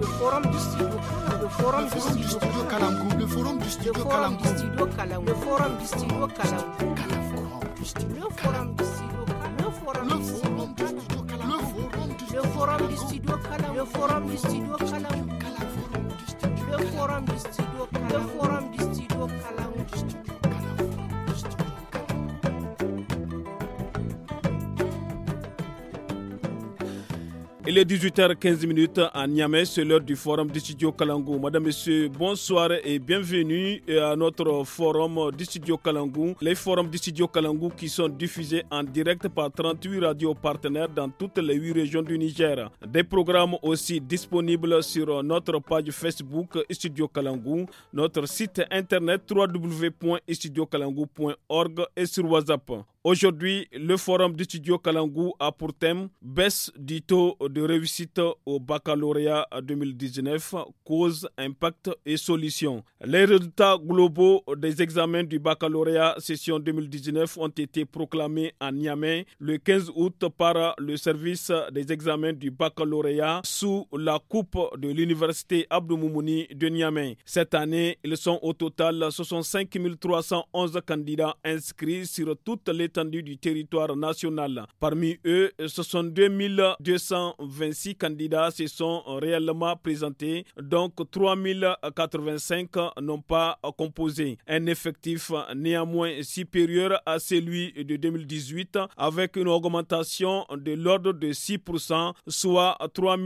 le forum du studio le forum du studio le forum du studio le forum du studio le forum du studio le forum du studio le forum du studio le forum du studio le le forum du studio Il est 18h15 à Niamey, c'est l'heure du forum du studio Kalangou. Madame, Monsieur, bonsoir et bienvenue à notre forum du studio Kalangou. Les forums du studio Kalangou qui sont diffusés en direct par 38 radios partenaires dans toutes les 8 régions du Niger. Des programmes aussi disponibles sur notre page Facebook Studio Kalangou, notre site internet www.studiokalangou.org et sur WhatsApp. Aujourd'hui, le forum du studio Kalangou a pour thème Baisse du taux de réussite au baccalauréat 2019, cause, impact et solutions. Les résultats globaux des examens du baccalauréat session 2019 ont été proclamés à Niamey le 15 août par le service des examens du baccalauréat sous la coupe de l'université Abdou Moumouni de Niamey. Cette année, ils sont au total 65 311 candidats inscrits sur toutes les du territoire national. Parmi eux, 62 226 candidats se sont réellement présentés, donc 3 085 n'ont pas composé. Un effectif néanmoins supérieur à celui de 2018 avec une augmentation de l'ordre de 6%, soit 3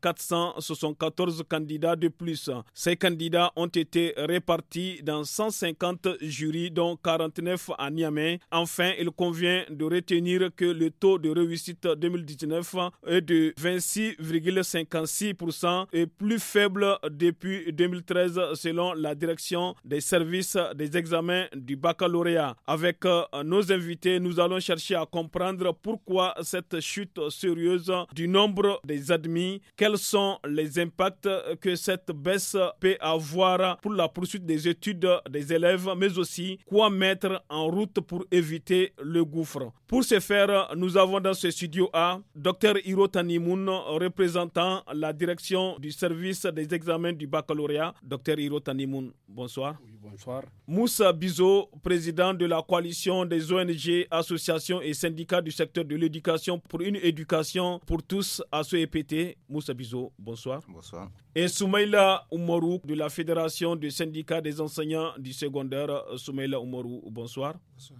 474 candidats de plus. Ces candidats ont été répartis dans 150 jurys, dont 49 à Niamey. Enfin, il convient de retenir que le taux de réussite 2019 est de 26,56% et plus faible depuis 2013 selon la direction des services des examens du baccalauréat. Avec euh, nos invités, nous allons chercher à comprendre pourquoi cette chute sérieuse du nombre des admis, quels sont les impacts que cette baisse peut avoir pour la poursuite des études des élèves, mais aussi quoi mettre en route pour éviter le gouffre. Pour ce faire, nous avons dans ce studio A Dr Hiro Tanimoun, représentant la direction du service des examens du baccalauréat. Dr Hiro Tanimoun, bonsoir. Oui, bonsoir. Moussa Bizo, président de la coalition des ONG, associations et syndicats du secteur de l'éducation pour une éducation pour tous à EPT. E Moussa Bizo, bonsoir. Bonsoir. Et Soumaïla Oumarou de la Fédération des syndicats des enseignants du secondaire. Soumaïla Oumarou, bonsoir. Bonsoir,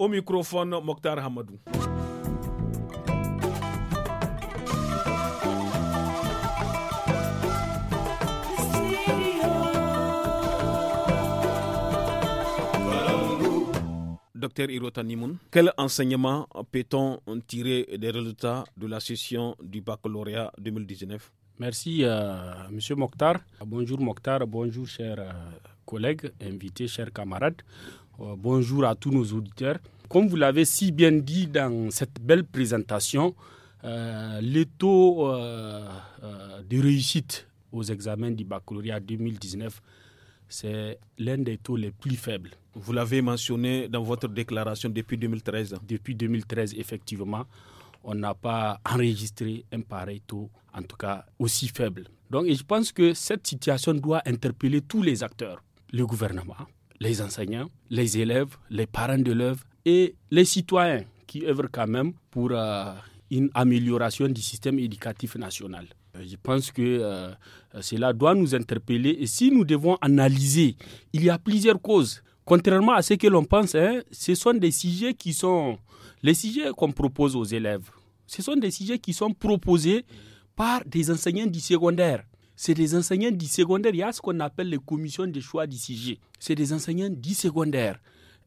au microphone, Mokhtar Hamadou. Docteur Nimoun, quel enseignement peut-on tirer des résultats de la session du baccalauréat 2019 Merci, M. Euh, monsieur Mokhtar. Bonjour, Mokhtar. Bonjour, chers euh, collègues, invités, chers camarades. Euh, bonjour à tous nos auditeurs. Comme vous l'avez si bien dit dans cette belle présentation, le euh, les taux euh, de réussite aux examens du baccalauréat 2019, c'est l'un des taux les plus faibles. Vous l'avez mentionné dans votre déclaration depuis 2013. Depuis 2013, effectivement, on n'a pas enregistré un pareil taux, en tout cas aussi faible. Donc je pense que cette situation doit interpeller tous les acteurs, le gouvernement, les enseignants, les élèves, les parents de l'œuvre et les citoyens qui œuvrent quand même pour euh, une amélioration du système éducatif national. Euh, je pense que euh, cela doit nous interpeller et si nous devons analyser, il y a plusieurs causes. Contrairement à ce que l'on pense, hein, ce sont des sujets qui sont les sujets qu'on propose aux élèves. Ce sont des sujets qui sont proposés par des enseignants du secondaire c'est des enseignants du secondaire. Il y a ce qu'on appelle les commissions de choix du CIG. C'est des enseignants du secondaire.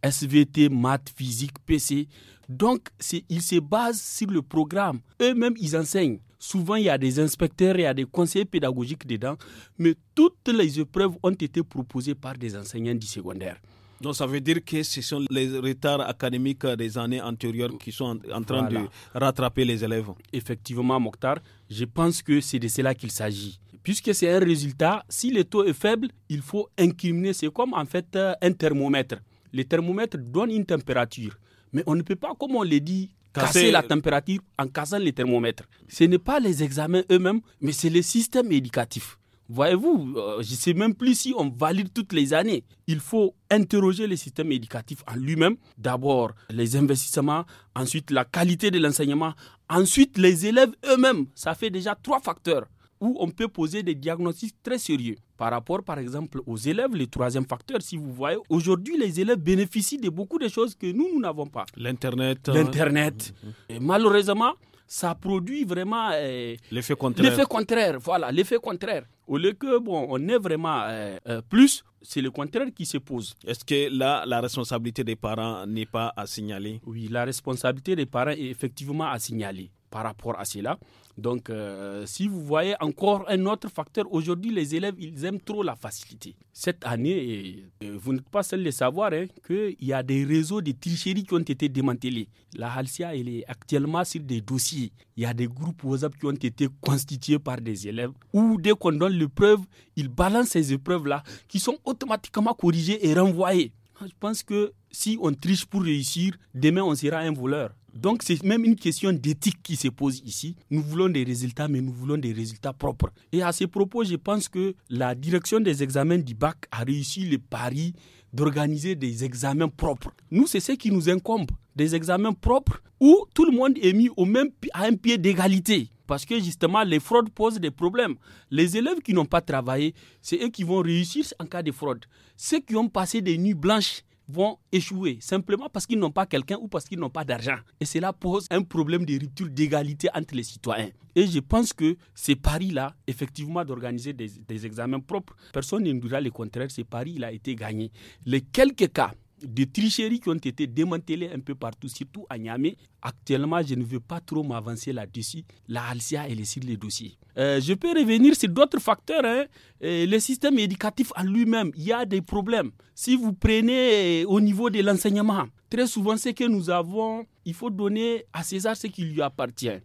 SVT, maths, physique, PC. Donc, ils se basent sur le programme. Eux-mêmes, ils enseignent. Souvent, il y a des inspecteurs, il y a des conseillers pédagogiques dedans. Mais toutes les épreuves ont été proposées par des enseignants du secondaire. Donc ça veut dire que ce sont les retards académiques des années antérieures qui sont en, train de rattraper les élèves. Effectivement, Mokhtar, je pense que c'est de cela qu'il s'agit. Puisque c'est un résultat, si le taux est faible, il faut incriminer. C'est comme en fait euh, un thermomètre. Le thermomètre donne une température. Mais on ne peut pas, comme on le dit, casser, la température en cassant les thermomètres. Ce n'est pas les examens eux-mêmes, mais c'est le système éducatif. Voyez-vous, euh, je ne sais même plus si on valide toutes les années. Il faut interroger le système éducatif en lui-même. D'abord, les investissements, ensuite la qualité de l'enseignement, ensuite les élèves eux-mêmes. Ça fait déjà trois facteurs où on peut poser des diagnostics très sérieux. Par rapport, par exemple, aux élèves, le troisième facteur, si vous voyez, aujourd'hui, les élèves bénéficient de beaucoup de choses que nous, nous n'avons pas. L'Internet. Hein. L'Internet. Mmh, mmh. Et malheureusement, ça produit vraiment euh, l'effet contraire. contraire, voilà, l'effet contraire. Au lieu que bon, on est vraiment euh, euh, plus, c'est le contraire qui se pose. Est-ce que là, la responsabilité des parents n'est pas à signaler Oui, la responsabilité des parents est effectivement à signaler par rapport à cela. Donc, euh, si vous voyez encore un autre facteur, aujourd'hui, les élèves, ils aiment trop la facilité. Cette année, euh, vous n'êtes pas seul de savoir hein, que qu'il y a des réseaux de tricherie qui ont été démantelés. La Halcia, elle est actuellement sur des dossiers. Il y a des groupes WhatsApp qui ont été constitués par des élèves où, dès qu'on donne l'épreuve, ils balancent ces épreuves-là qui sont automatiquement corrigées et renvoyées. Je pense que si on triche pour réussir, demain, on sera un voleur. Donc c'est même une question d'éthique qui se pose ici. Nous voulons des résultats, mais nous voulons des résultats propres. Et à ce propos, je pense que la direction des examens du bac a réussi le pari d'organiser des examens propres. Nous, c'est ce qui nous incombe, des examens propres où tout le monde est mis au même, à un pied d'égalité. Parce que justement, les fraudes posent des problèmes. Les élèves qui n'ont pas travaillé, c'est eux qui vont réussir en cas de fraude. Ceux qui ont passé des nuits blanches, vont échouer simplement parce qu'ils n'ont pas quelqu'un ou parce qu'ils n'ont pas d'argent. Et cela pose un problème de rupture d'égalité entre les citoyens. Et je pense que ces paris-là, effectivement, d'organiser des, examens propres, personne ne nous dira le contraire, ces paris-là a été gagné. Les quelques cas des tricheries qui ont été démantelées un peu partout, surtout à Niamey. Actuellement, je ne veux pas trop m'avancer là-dessus. La Alcia, elle est sur les dossiers. Euh, je peux revenir sur d'autres facteurs. Hein. Euh, le système éducatif en lui-même, il y a des problèmes. Si vous prenez euh, au niveau de l'enseignement, très souvent, ce que nous avons, il faut donner à César ce qui lui appartient.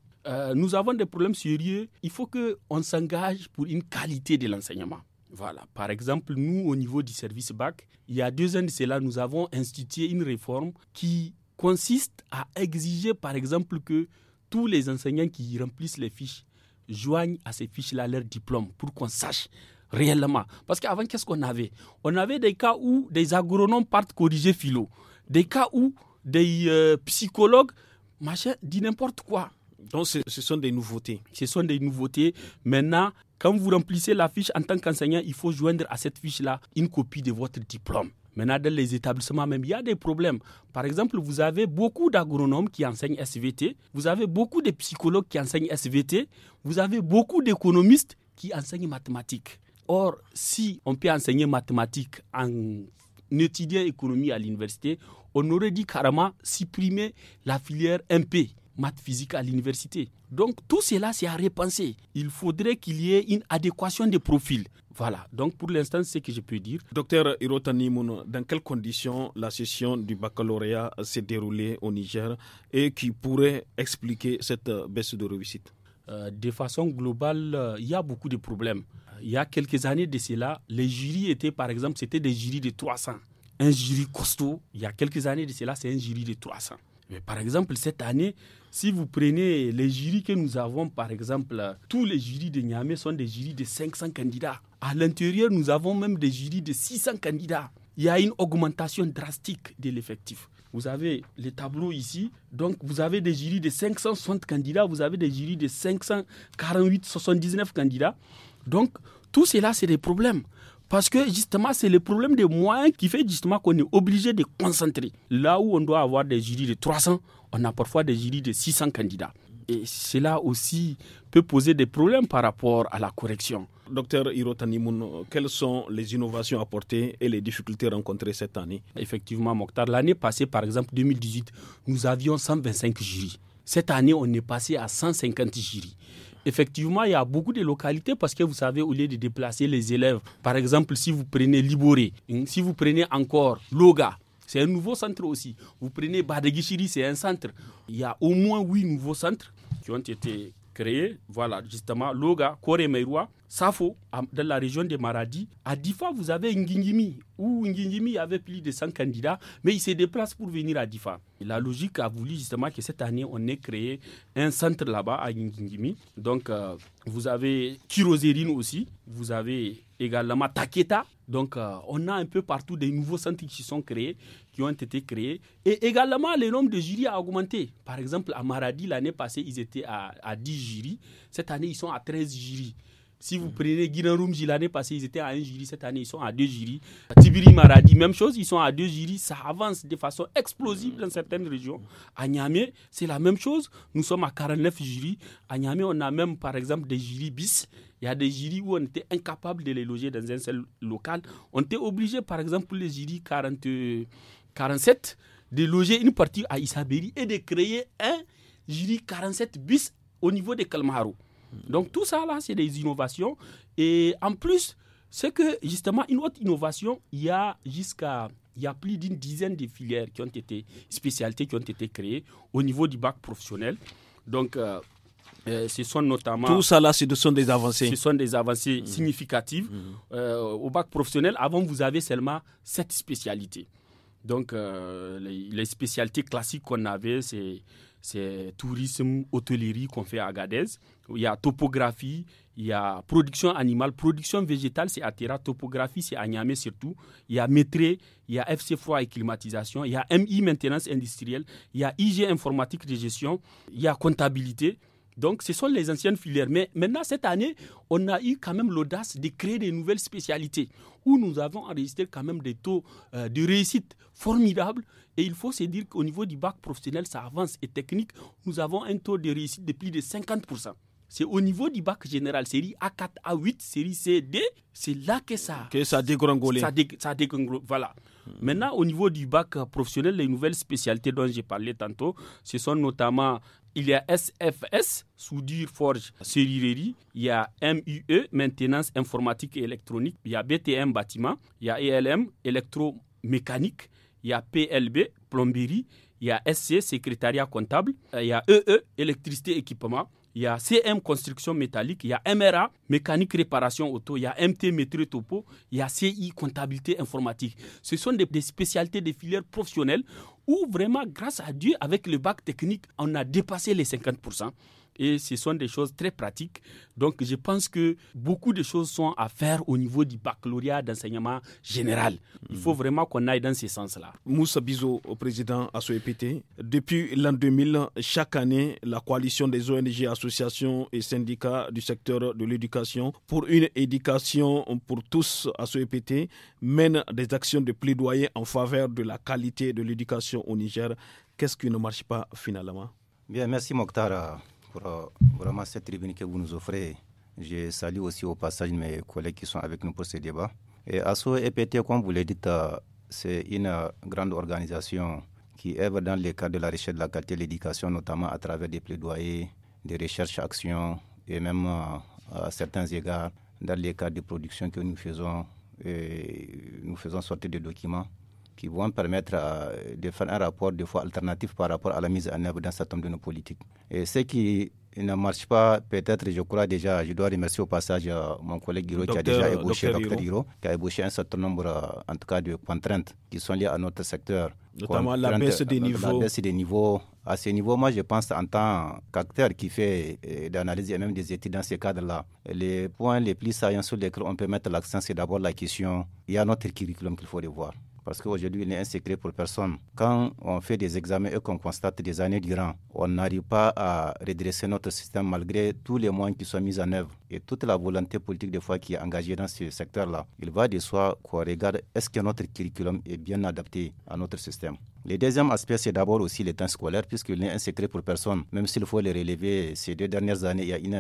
nous avons des problèmes sérieux. Il faut qu'on s'engage pour une qualité de l'enseignement. Voilà. Par exemple, nous, au niveau du service BAC, il y a deux ans de cela, nous avons institué une réforme qui consiste à exiger, par exemple, que tous les enseignants qui remplissent les fiches joignent à ces fiches-là leur diplôme pour qu'on sache réellement. Parce qu'avant, qu'est-ce qu'on avait On avait des cas où des agronomes partent corriger philo, des cas où des euh, psychologues machin, disent n'importe quoi. Donc ce, ce, sont des nouveautés. Ce sont des nouveautés. Maintenant, quand vous remplissez la fiche en tant qu'enseignant, il faut joindre à cette fiche-là une copie de votre diplôme. Maintenant, dans les établissements même, il y a des problèmes. Par exemple, vous avez beaucoup d'agronomes qui enseignent SVT, vous avez beaucoup de psychologues qui enseignent SVT, vous avez beaucoup d'économistes qui enseignent mathématiques. Or, si on peut enseigner mathématiques en étudiant économie à l'université, on aurait dit carrément supprimer la filière MP maths physique à l'université. Donc tout cela, c'est à repenser. Il faudrait qu'il y ait une adéquation des profils. Voilà, donc pour l'instant, c'est ce que je peux dire. Docteur Hirota dans quelles conditions la session du baccalauréat s'est déroulée au Niger et qui pourrait expliquer cette euh, baisse de réussite euh, De façon globale, euh, il y a beaucoup de problèmes. Il y a quelques années de cela, les jurys étaient, par exemple, c'était des jurys de 300. Un jury costaud, il y a quelques années de cela, c'est un jury de 300 par exemple, cette année, si vous prenez les jurys que nous avons, par exemple, tous les jurys de Niamey sont des jurys de 500 candidats. À l'intérieur, nous avons même des jurys de 600 candidats. Il y a une augmentation drastique de l'effectif. Vous avez les tableaux ici. Donc, vous avez des jurys de 560 candidats, vous avez des jurys de 548, 79 candidats. Donc, tout cela, c'est des problèmes. Parce que justement, c'est le problème des moyens qui fait justement qu'on est obligé de concentrer. Là où on doit avoir des jurys de 300, on a parfois des jurys de 600 candidats. Et cela aussi peut poser des problèmes par rapport à la correction. Docteur Hirotanimoun, quelles sont les innovations apportées et les difficultés rencontrées cette année Effectivement, Mokhtar, l'année passée, par exemple 2018, nous avions 125 jurys. Cette année, on est passé à 150 jurys effectivement, il y a beaucoup de localités parce que vous savez, au lieu de déplacer les élèves, par exemple, si vous prenez Liboré, si vous prenez encore Loga, c'est un nouveau centre aussi. Vous prenez Badegichiri, c'est un centre. Il y a au moins huit nouveaux centres qui ont été créé, voilà, justement, Loga, Koremeirwa, Safo, dans la région de Maradi. À Difa, vous avez Ngingimi, où Ngingimi avait plus de 100 candidats, mais il se déplace pour venir à Difa. La logique a voulu justement que cette année, on ait créé un centre là-bas à Ngingimi. Donc, euh, vous avez Kirozerine aussi, vous avez également Taketa, donc, euh, on a un peu partout des nouveaux centres qui sont créés, qui ont été créés. Et également, le nombre de jurys a augmenté. Par exemple, à Maradi, l'année passée, ils étaient à, à 10 jurys. Cette année, ils sont à 13 jurys. Si vous mhm. prenez Guiné-Roumji l'année passée, ils étaient à un jury, cette année ils sont à deux jurys. Tibiri Maradi, même chose, ils sont à deux jurys, ça avance de façon explosive dans certaines régions. À Niamey, c'est la même chose, nous sommes à 49 jurys. À Niamey, on a même par exemple des jurys bis. Il y a des jurys où on était incapable de les loger dans un seul local. On était obligé, par exemple, pour les jurys 40, 47, de loger une partie à Isabéry et de créer un jury 47 bis au niveau de Kalmaro. Donc tout ça, là, c'est des innovations. Et en plus, c'est que justement, une autre innovation, il y a jusqu'à... Il y a plus d'une dizaine de filières qui ont été, spécialités qui ont été créées au niveau du bac professionnel. Donc, euh, euh, ce sont notamment. Tout ça là, ce sont des avancées. Ce sont des avancées mmh. significatives. Mmh. Euh, au bac professionnel, avant, vous avez seulement sept spécialités. Donc, les, spécialités classiques qu'on avait, c'est tourisme, hôtellerie qu'on fait à Gadez il y a topographie, il y a production animale, production végétale, c'est à topographie, c'est à surtout, il y a Métré, il y a FC Froid et climatisation, il y a MI maintenance industrielle, il y a IG informatique de gestion, il y a comptabilité. Donc, ce sont les anciennes filières. Mais maintenant, cette année, on a eu quand même l'audace de créer des nouvelles spécialités où nous avons enregistré quand même des taux euh, de réussite formidables. Et il faut se dire qu'au niveau du bac professionnel, ça avance et technique. Nous avons un taux de réussite de plus de 50%. C'est au niveau du bac général, série A4, A8, série D, c'est là que ça. Que ça a Ça, ça voilà. Maintenant, au niveau du bac professionnel, les nouvelles spécialités dont j'ai parlé tantôt, ce sont notamment. Il y a SFS, soudure, forge, serrurerie. Il y a MUE, maintenance informatique et électronique. Il y a BTM, bâtiment. Il y a ELM, électromécanique. Il y a PLB, plomberie il y a SC, secrétariat comptable, il y a EE, e, électricité, équipement, il y a CM construction métallique, il y a MRA mécanique réparation auto, il y a MT métro topo, il y a CI comptabilité informatique. Ce sont des, des spécialités des filières professionnelles où vraiment grâce à Dieu avec le bac technique, on a dépassé les 50 et ce sont des choses très pratiques. Donc je pense que beaucoup de choses sont à faire au niveau du baccalauréat d'enseignement général. Il faut mhm. vraiment qu'on aille dans ce sens-là. Moussa Bizo, président ASOEPT, depuis l'an 2000, chaque année, la coalition des ONG, associations et syndicats du secteur de l'éducation pour une éducation pour tous ASOEPT mène des actions de plaidoyer en faveur de la qualité de l'éducation au Niger. Qu'est-ce qui ne marche pas finalement Bien, merci Mokhtar pour euh, vraiment cette tribune que vous nous offrez. Je salue aussi au passage mes collègues qui sont avec nous pour ce débat. Et ASSO EPT, comme vous l'avez dit, euh, c'est une euh, grande organisation qui œuvre dans le cadre de la recherche de la qualité de l'éducation, notamment à travers des plaidoyers, des recherches, actions et même à certains égards dans les cadre de production que nous faisons. Et nous faisons sortir des documents qui vont permettre euh, de faire un rapport des fois alternatif par rapport à la mise en œuvre d'un certain nombre de nos politiques. Et ce qui ne marche pas, peut-être, je crois déjà, je dois remercier au passage euh, mon collègue Giro qui a déjà euh, ébauché, docteur qui a ébauché un certain nombre, en tout cas, de contraintes qui sont liées à notre secteur. Notamment la baisse des niveaux. La baisse des niveaux. À ce niveau, moi, je pense en tant qu'acteur qui fait d'analyse et même des études dans ce cadre-là, les points les plus saillants sur lesquels on peut mettre l'accent, c'est d'abord la question, il y a notre curriculum qu'il faut revoir parce qu'aujourd'hui, il n'est un secret pour personne. Quand on fait des examens et qu'on constate des années durant, on n'arrive pas à redresser notre système malgré tous les moyens qui sont mis en œuvre et toute la volonté politique des fois qui est engagée dans ce secteur-là. Il va de soi qu'on regarde est-ce que notre curriculum est bien adapté à notre système. Le deuxième aspect, c'est d'abord aussi les temps scolaires, puisqu'il n'est un secret pour personne. Même s'il faut le relever, ces deux dernières années, il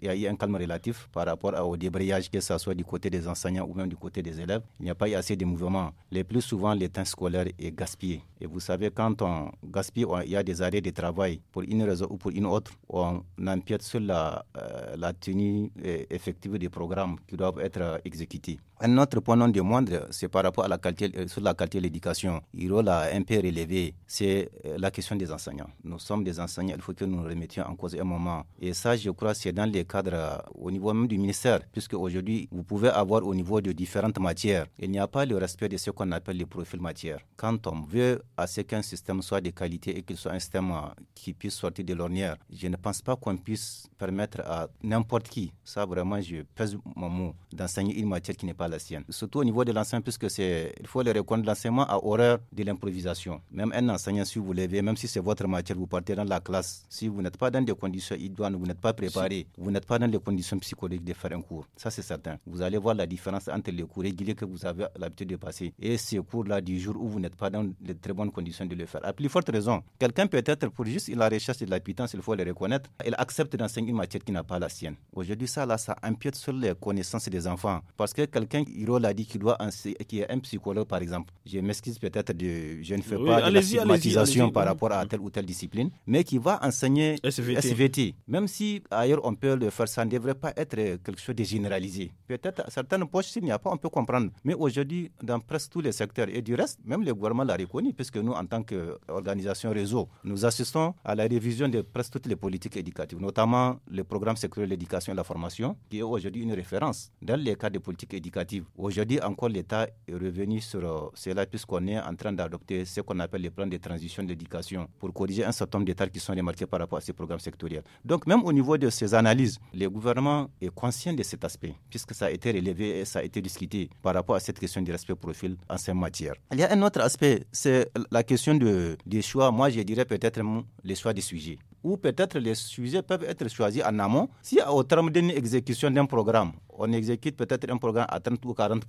y, a eu un calme relatif par rapport au débrayage, que ce soit du côté des enseignants ou même du côté des élèves. Il n'y a pas eu assez de mouvements. Le plus souvent, le temps scolaire est gaspillé. Et vous savez, quand on gaspille, il y a des arrêts de travail pour une raison ou pour une autre. On empiète sur la euh, tenue euh, effective des programmes qui doivent être euh, exécutés. Un autre point non moindre, c'est par rapport à la qualité, euh, sur la qualité de l'éducation. il a un peu relevé, c'est euh, la question des enseignants. Nous sommes des enseignants, il faut que nous remettions en cause un moment. Et ça, je crois, c'est dans les cadres, euh, au niveau même du ministère, puisque aujourd'hui, vous pouvez avoir au niveau de différentes matières, il n'y a pas le respect de ce qu'on appelle les profils matières. Quand on veut à ce qu'un système soit de qualité et qu'il soit un système qui puisse sortir de l'ornière, je ne pense pas qu'on puisse permettre à n'importe qui, ça vraiment, je pèse mon mot, d'enseigner une matière qui n'est pas la sienne. Surtout au niveau de l'enseignement puisque c'est, il faut le reconnaître, l'enseignement a horreur de l'improvisation. Même un enseignant, si vous levez, même si c'est votre matière, vous partez dans la classe. Si vous n'êtes pas dans des conditions idoines, vous n'êtes pas préparé, vous n'êtes pas dans les conditions psychologiques de faire un cours. Ça, c'est certain. Vous allez voir la différence entre les cours réguliers que vous avez l'habitude de passer et ces cours-là du jour où vous n'êtes pas dans les très bonnes conditions de le faire. À plus forte raison, quelqu'un peut-être pour juste la recherche de la il faut le reconnaître, il accepte d'enseigner une matière qui n'a pas la sienne. Aujourd'hui, ça, là, ça empiète sur les connaissances des enfants parce que quelqu'un l'a dit, qui, doit qui est un psychologue, par exemple. Je m'excuse peut-être, de, je ne fais pas de la stigmatisation par rapport à telle ou telle discipline, mais qui va enseigner SVT. Même si ailleurs on peut le faire, ça ne devrait pas être quelque chose de généralisé. Peut-être certaines poches, s'il n'y a pas, on peut comprendre. Mais aujourd'hui, dans presque tous les secteurs, et du reste, même le gouvernement l'a reconnu, puisque nous, en tant qu'organisation réseau, nous assistons à la révision de presque toutes les politiques éducatives, notamment le programme sectoriel de l'éducation et la formation, qui est aujourd'hui une référence dans les cas de politique éducative Aujourd'hui encore, l'État est revenu sur cela puisqu'on est en train d'adopter ce qu'on appelle les plans de transition d'éducation pour corriger un certain nombre d'états qui sont remarqués par rapport à ces programmes sectoriels. Donc même au niveau de ces analyses, le gouvernement est conscient de cet aspect puisque ça a été relevé et ça a été discuté par rapport à cette question du respect profil en ces matières. Il y a un autre aspect, c'est la question de, des choix. Moi, je dirais peut-être les choix des sujets ou peut-être les sujets peuvent être choisis en amont si au terme d'une exécution d'un programme on exécute peut-être un programme à 30 ou 40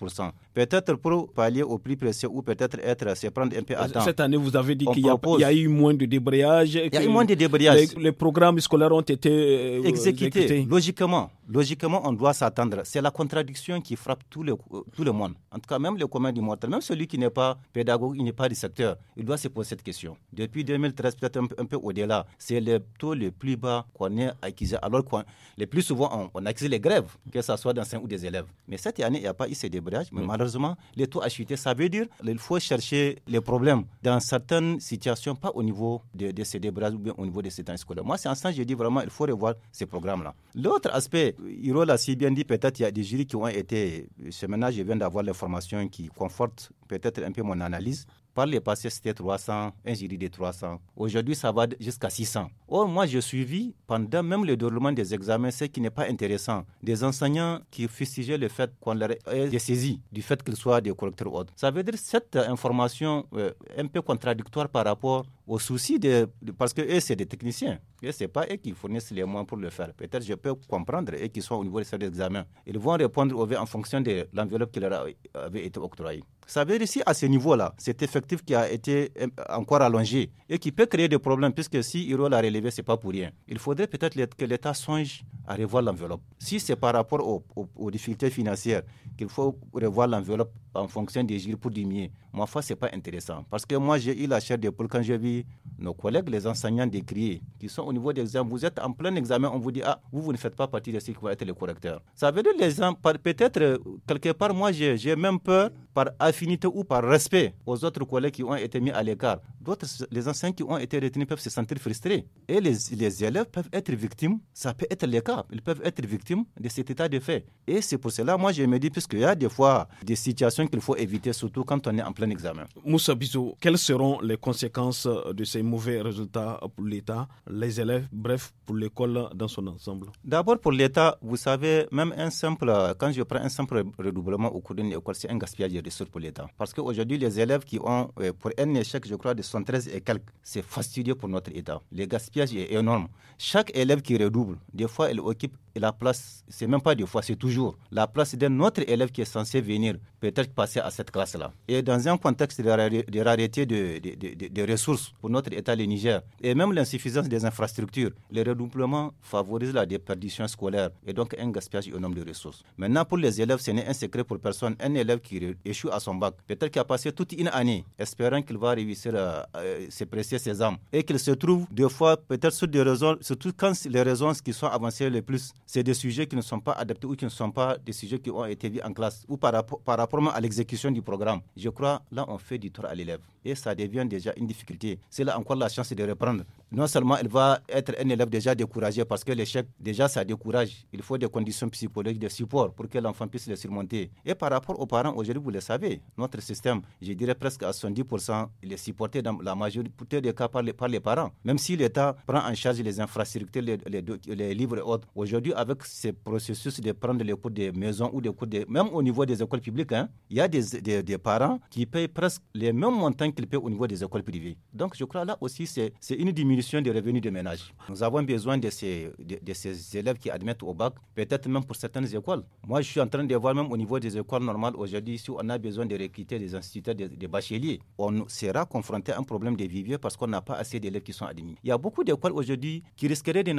Peut-être pour pallier au prix pressé ou peut-être être, se prendre un peu à temps. Cette année, vous avez dit qu'il y, a eu moins de débrayages. Il y a eu moins de débrayage. Les, les programmes scolaires ont été euh, exécutés. Logiquement, logiquement, on doit s'attendre. C'est la contradiction qui frappe tout le, tout le monde. En tout cas, même le commun du mortel, même celui qui n'est pas pédagogue, il n'est pas du secteur, il doit se poser cette question. Depuis 2013, peut-être un, peu au-delà, c'est le taux le plus bas qu'on ait acquis. Alors, que le plus souvent, on, a accuse les grèves, que ce soit ou des élèves. Mais cette année, il n'y a pas eu ces débrayages. Mais mm. malheureusement, les taux a chuté. Ça veut dire qu'il faut chercher les problèmes dans certaines situations, pas au niveau de, de ces ou bien au niveau de ces temps scolaires. Moi, c'est en sens, je dis vraiment, il faut revoir ces programmes-là. L'autre aspect, Irola, si bien dit, peut-être il y a des jurys qui ont été. Ce matin, je viens d'avoir l'information qui conforte peut-être un peu mon analyse par les passés, c'était 300, un jury de 300. Aujourd'hui, ça va jusqu'à 600. Or, moi, je suivi, pendant même le déroulement des examens, ce qui n'est pas intéressant, des enseignants qui fustigeaient le fait qu'on leur ait saisi du fait qu'ils soient des correcteurs autres. Ça veut dire cette information euh, un peu contradictoire par rapport au souci de, parce que eux c'est des techniciens, et c'est pas eux qui fournissent les moyens pour le faire. Peut-être je peux comprendre et qu'ils sont au niveau des services d'examen. Ils vont répondre au en fonction de l'enveloppe qui leur avait été octroyée. Ça veut dire ici à ce niveau-là, cet effectif qui a été euh, encore allongé et qui peut créer des problèmes puisque si Hiro l'a relevé, c'est pas pour rien. Il faudrait peut-être que l'État songe à revoir l'enveloppe. Si c'est par rapport aux, difficultés financières qu'il faut revoir l'enveloppe en fonction des gilets pour diminuer, ma foi c'est pas intéressant parce que moi j'ai eu la chair de poule quand j'ai vu nos collègues, les enseignants décriés, qui sont au niveau d'examen. Vous êtes en plein examen, on vous dit Ah, vous, vous ne faites pas partie de ceux qui vont être les correcteurs. Ça veut dire les gens, peut-être, euh, quelque part, moi, j'ai même peur par affinité ou par respect aux autres collègues qui ont été mis à l'écart. D'autres, les anciens qui ont été retenus peuvent se sentir frustrés. Et les, élèves peuvent être victimes, ça peut être l'écart, ils peuvent être victimes de cet état de fait. Et c'est pour cela, moi, je me dis, puisqu'il y a des fois des situations qu'il faut éviter, surtout quand on est en plein examen. Moussa Bisou, quelles seront les conséquences de ces mauvais résultats pour l'État, les élèves, bref, pour l'école dans son ensemble D'abord, pour l'État, vous savez, même un simple, quand je prends un simple redoublement au cours d'une école, c'est un gaspillage de Surtout pour l'État. Parce qu'aujourd'hui, les élèves qui ont, euh, pour un échec, je crois, de 113 et quelques, c'est fastidieux pour notre État. Le gaspillage est énorme. Chaque élève qui redouble, des fois, il occupe et la place, c'est même pas des fois, c'est toujours la place d'un autre élève qui est censé venir peut-être passer à cette classe-là. Et dans un contexte de, de de, ressources pour notre État, le Niger, et même l'insuffisance des infrastructures, le redoublement favorise la déperdition scolaire et donc un gaspillage nombre de ressources. Maintenant, pour les élèves, ce n'est un secret pour personne. Un élève qui échoue à son bac, peut-être qui a passé toute une année espérant qu'il va réussir à, se ses âmes et qu'il se trouve deux fois peut-être sur des raisons, surtout quand les raisons qui sont avancées le plus c'est des sujets qui ne sont pas adaptés ou qui ne sont pas des sujets qui ont été vus en classe ou par, rapport, par rapport à l'exécution du programme. Je crois, là, on fait du tort à l'élève. Et ça devient déjà une difficulté. C'est là encore la chance de reprendre. Non seulement elle va être un élève déjà découragé parce que l'échec, déjà, ça décourage. Il faut des conditions psychologiques, de support pour que l'enfant puisse les surmonter. Et par rapport aux parents, aujourd'hui, vous le savez, notre système, je dirais presque à 70%, il est supporté dans la majorité des cas par les, par les parents. Même si l'État prend en charge les infrastructures, les, les, les livres et autres, aujourd'hui, avec ces processus de prendre les cours des maisons ou des cours des... Même au niveau des écoles publiques, hein, il y a des, des, parents qui payent presque les mêmes montants qu'ils payent au niveau des écoles privées. Donc je crois là aussi, c'est une diminution des revenus des ménages. Nous avons besoin de ces, de, ces élèves qui admettent au bac, peut-être même pour certaines écoles. Moi, je suis en train de voir même au niveau des écoles normales aujourd'hui, si on a besoin de recruter des instituteurs, des, bacheliers, on sera confronté à un problème de vivier parce qu'on n'a pas assez d'élèves qui sont admis. Il y a beaucoup d'écoles aujourd'hui qui risqueraient de...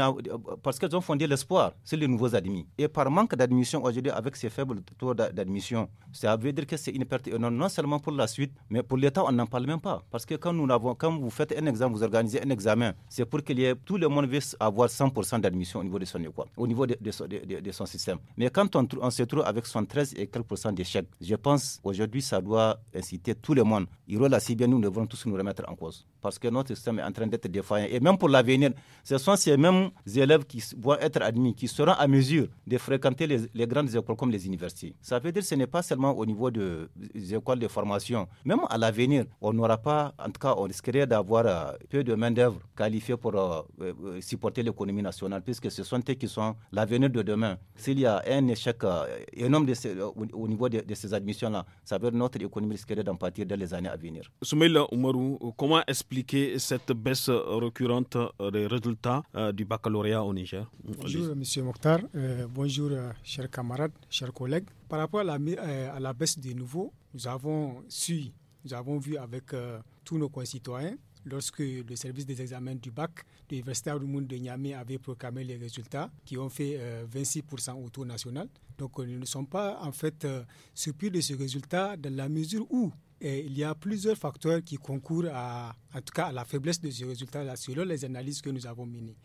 parce qu'elles ont fondé l'espoir c'est les nouveaux admis. Et par manque d'admission aujourd'hui, avec ces faibles taux d'admission, ça veut dire que c'est une perte énorme, non seulement pour la suite, mais pour l'État, on n'en parle même pas. Parce que quand, nous avons, quand vous faites un examen, vous organisez un examen, c'est pour que tout le monde puisse avoir 100% d'admission au niveau de son école, au niveau de, son système. Mais quand on, se trouve avec 113 et quelques d'échecs, je pense aujourd'hui, ça doit inciter tout le monde. là si bien nous devons tous nous remettre en cause. Parce que notre système est en train d'être défaillant. Et même pour l'avenir, ce sont ces mêmes élèves qui vont être admis, qui sont seront à mesure de fréquenter les, grandes écoles comme les universités. Ça veut dire que ce n'est pas seulement au niveau de, des écoles de formation. Même à l'avenir, on n'aura pas, en tout cas, on risquerait d'avoir euh, peu de main-d'œuvre qualifiée pour euh, euh, supporter l'économie nationale, puisque ce sont eux qui sont l'avenir de demain. S'il y a un échec énorme au niveau de, ces admissions-là, ça veut dire que notre économie risquerait d'en partir dans les années à venir. Soumeila Oumarou, comment expliquer cette baisse récurrente des résultats du baccalauréat au Niger monsieur euh, bonjour euh, chers camarades, chers collègues. Par rapport à la, euh, à la baisse des nouveaux, nous avons su, nous avons vu avec tous nos concitoyens, lorsque le service des examens du bac de l'Université Monde de Niamey avait proclamé les résultats qui ont fait 26% au taux national. Donc nous ne sommes pas en fait surpris de ce résultat dans la mesure où il y a plusieurs facteurs qui concourent à, en tout cas, à la faiblesse de ce résultat-là selon les analyses que nous avons menées.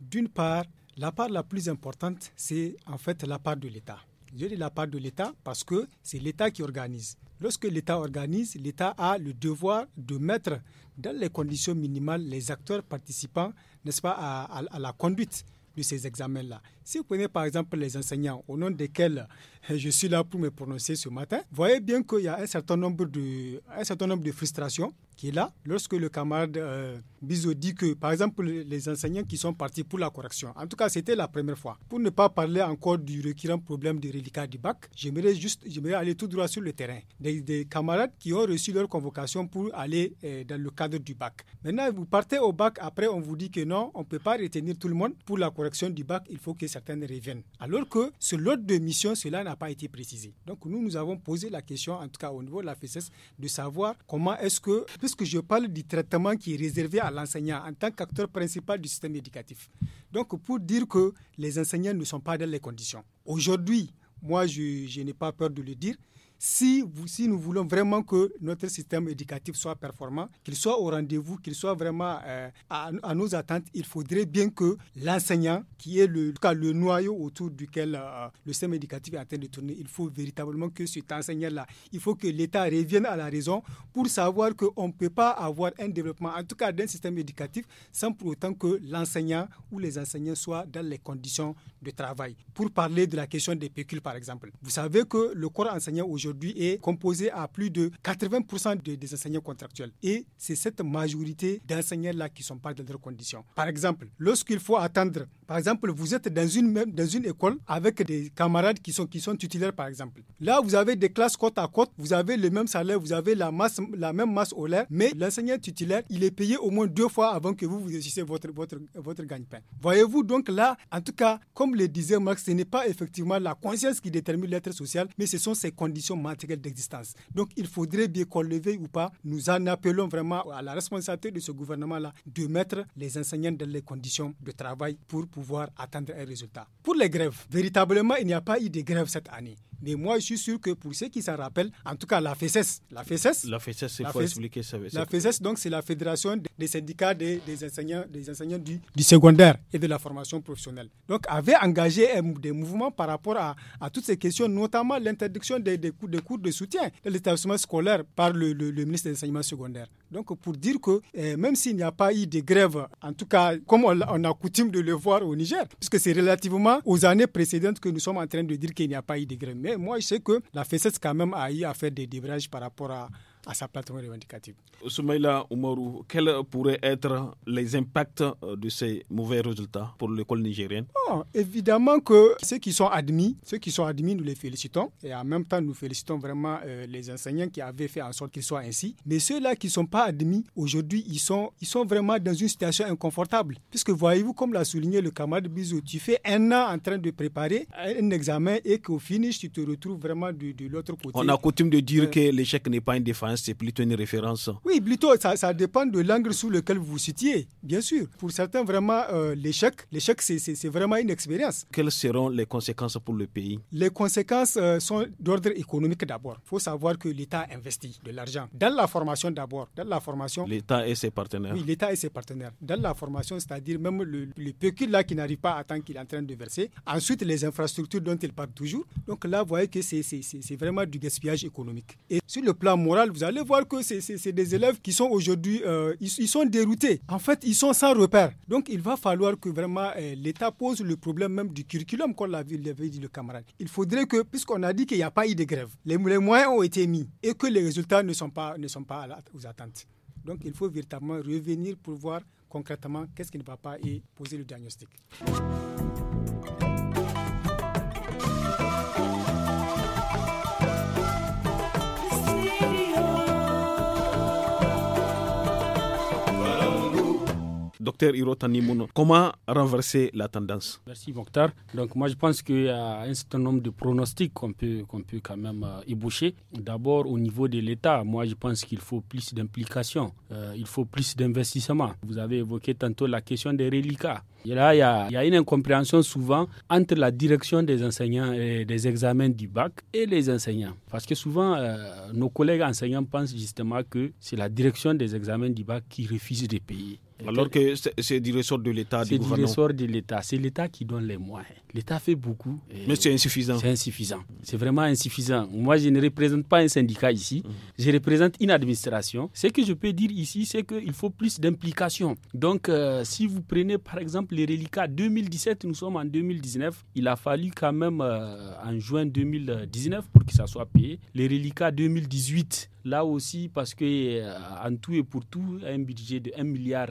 D'une part, la part la plus importante, c'est en fait la part de l'État. Je dis la part de l'État parce que c'est l'État qui organise. Lorsque l'État organise, l'État a le devoir de mettre dans les conditions minimales les acteurs participants, n'est-ce pas, à, la conduite de ces examens-là. Si vous prenez par exemple les enseignants au nom desquels je suis là pour me prononcer ce matin, voyez bien qu'il y a un certain nombre de, un certain nombre de frustrations est là, lorsque le camarade euh, dit que, par exemple, les enseignants qui sont partis pour la correction, en tout cas, c'était la première fois. Pour ne pas parler encore du récurrent problème du reliquat du bac, j'aimerais juste j'aimerais aller tout droit sur le terrain. Des, camarades qui ont reçu leur convocation pour aller euh, dans le cadre du bac. Maintenant, vous partez au bac, après, on vous dit que non, on ne peut pas retenir tout le monde. Pour la correction du bac, il faut que certains reviennent. Alors que sur l'ordre de mission, cela n'a pas été précisé. Donc, nous, nous avons posé la question, en tout cas au niveau de la FSS, de savoir comment est-ce que que je parle du traitement qui est réservé à l'enseignant en tant qu'acteur principal du système éducatif. Donc, pour dire que les enseignants ne sont pas dans les conditions. Aujourd'hui, moi, je n'ai pas peur de le dire, si, si nous voulons vraiment que notre système éducatif soit performant, qu'il soit au rendez-vous, qu'il soit vraiment euh, à, nos attentes, il faudrait bien que l'enseignant, qui est le, le noyau autour duquel euh, le système éducatif est en train de tourner, il faut véritablement que cet enseignant-là, il faut que l'État revienne à la raison pour savoir qu'on ne peut pas avoir un développement, en tout cas d'un système éducatif, sans pour autant que l'enseignant ou les enseignants soient dans les conditions de travail. Pour parler de la question des pécules, par exemple, vous savez que le corps enseignant aujourd'hui, est composée à plus de 80% des enseignants contractuels. Et c'est cette majorité d'enseignants-là qui ne sont pas dans leurs conditions. Par exemple, lorsqu'il faut attendre, par exemple, vous êtes dans une, même, dans une école avec des camarades qui sont, qui sont titulaires, par exemple. Là, vous avez des classes côte à côte, vous avez le même salaire, vous avez la, masse, la même masse horaire, mais l'enseignant titulaire, il est payé au moins deux fois avant que vous vous réussissiez votre, votre, votre gagne-pain. Voyez-vous, donc là, en tout cas, comme le disait Marx, ce n'est pas effectivement la conscience qui détermine l'être social, mais ce sont ces conditions matériel d'existence. Donc il faudrait bien qu'on le veuille ou pas, nous en appelons vraiment à la responsabilité de ce gouvernement-là de mettre les enseignants dans les conditions de travail pour pouvoir atteindre un résultat. Pour les grèves, véritablement, il n'y a pas eu de grève cette année. Mais moi, je suis sûr que pour ceux qui s'en rappellent, en tout cas la FESES, la FESES, la c'est La donc, c'est la Fédération des syndicats des, enseignants, des enseignants du, secondaire et de la formation professionnelle. Donc, avait engagé euh, des mouvements par rapport à, toutes ces questions, notamment l'interdiction des, des, cours, cours de soutien de l'établissement scolaire par le, ministre de l'enseignement secondaire. Donc, pour dire que euh, même s'il n'y a pas eu de grève, en tout cas, comme on, a coutume de le voir au Niger, puisque c'est relativement aux années précédentes que nous sommes en train de dire qu'il n'y a pas eu de grève moi, je sais que la FESES quand même a eu à faire des débrages par rapport à, à sa plateforme revendicative. Soumaïla Oumarou, quels pourraient être les impacts euh, de ces mauvais résultats pour l'école nigérienne oh, Évidemment que ceux qui sont admis, ceux qui sont admis, nous les félicitons et en même temps nous félicitons vraiment euh, les enseignants qui avaient fait en sorte qu'ils soient ainsi. Mais ceux-là qui ne sont pas admis, aujourd'hui, ils sont, ils sont vraiment dans une situation inconfortable. Puisque voyez-vous, comme l'a souligné le camarade Bizou, tu fais un an en train de préparer un examen et qu'au finish, tu te retrouves vraiment de, l'autre côté. On a coutume de dire que l'échec n'est pas une défense Hein, c'est plutôt une référence Oui, plutôt, ça, dépend de l'angle sous lequel vous vous situez, bien sûr. Pour certains, vraiment, euh, l'échec, l'échec, c'est vraiment une expérience. Quelles seront les conséquences pour le pays Les conséquences euh, sont d'ordre économique d'abord. Il faut savoir que l'État investit de l'argent dans la formation d'abord, dans la formation. L'État et ses partenaires. Oui, l'État et ses partenaires. Dans la formation, c'est-à-dire même le, le là qui n'arrive pas à temps qu'il est en train de verser. Ensuite, les infrastructures dont il parle toujours. Donc là, vous voyez que c'est vraiment du gaspillage économique. Et sur le plan moral, vous vous allez voir que c'est des élèves qui sont aujourd'hui, euh, ils, sont déroutés. En fait, ils sont sans repère. Donc, il va falloir que vraiment euh, l'État pose le problème même du curriculum, comme l'avait dit le camarade. Il faudrait que, puisqu'on a dit qu'il n'y a pas eu de grève, les, les, moyens ont été mis et que les résultats ne sont pas, ne sont pas aux attentes. Donc, il faut véritablement revenir pour voir concrètement qu'est-ce qui ne va pas et poser le diagnostic. Docteur Hirotanimono, comment renverser la tendance Merci docteur. Donc moi je pense qu'il y a un certain nombre de pronostics qu'on peut, qu'on peut quand même euh, ébaucher. D'abord au niveau de l'État, moi je pense qu'il faut plus d'implication, euh, il faut plus d'investissement. Vous avez évoqué tantôt la question des reliquats. Et là, il y, a, une incompréhension souvent entre la direction des enseignants et des examens du bac et les enseignants. Parce que souvent, euh, nos collègues enseignants pensent justement que c'est la direction des examens du bac qui refuse de payer. Alors que c'est du ressort de l'État, C'est du ressort de l'État. C'est l'État qui donne les moyens. L'État fait beaucoup. Mais c'est insuffisant. C'est insuffisant. C'est vraiment insuffisant. Moi, je ne représente pas un syndicat ici. Mhm. Je représente une administration. Ce que je peux dire ici, c'est qu'il faut plus d'implication. Donc, euh, si vous prenez par exemple les reliquats 2017, nous sommes en 2019. Il a fallu quand même euh, en juin 2019 pour que ça soit payé. Les reliquats 2018, Là aussi, parce que euh, en tout et pour tout, un budget de 1 milliard euh,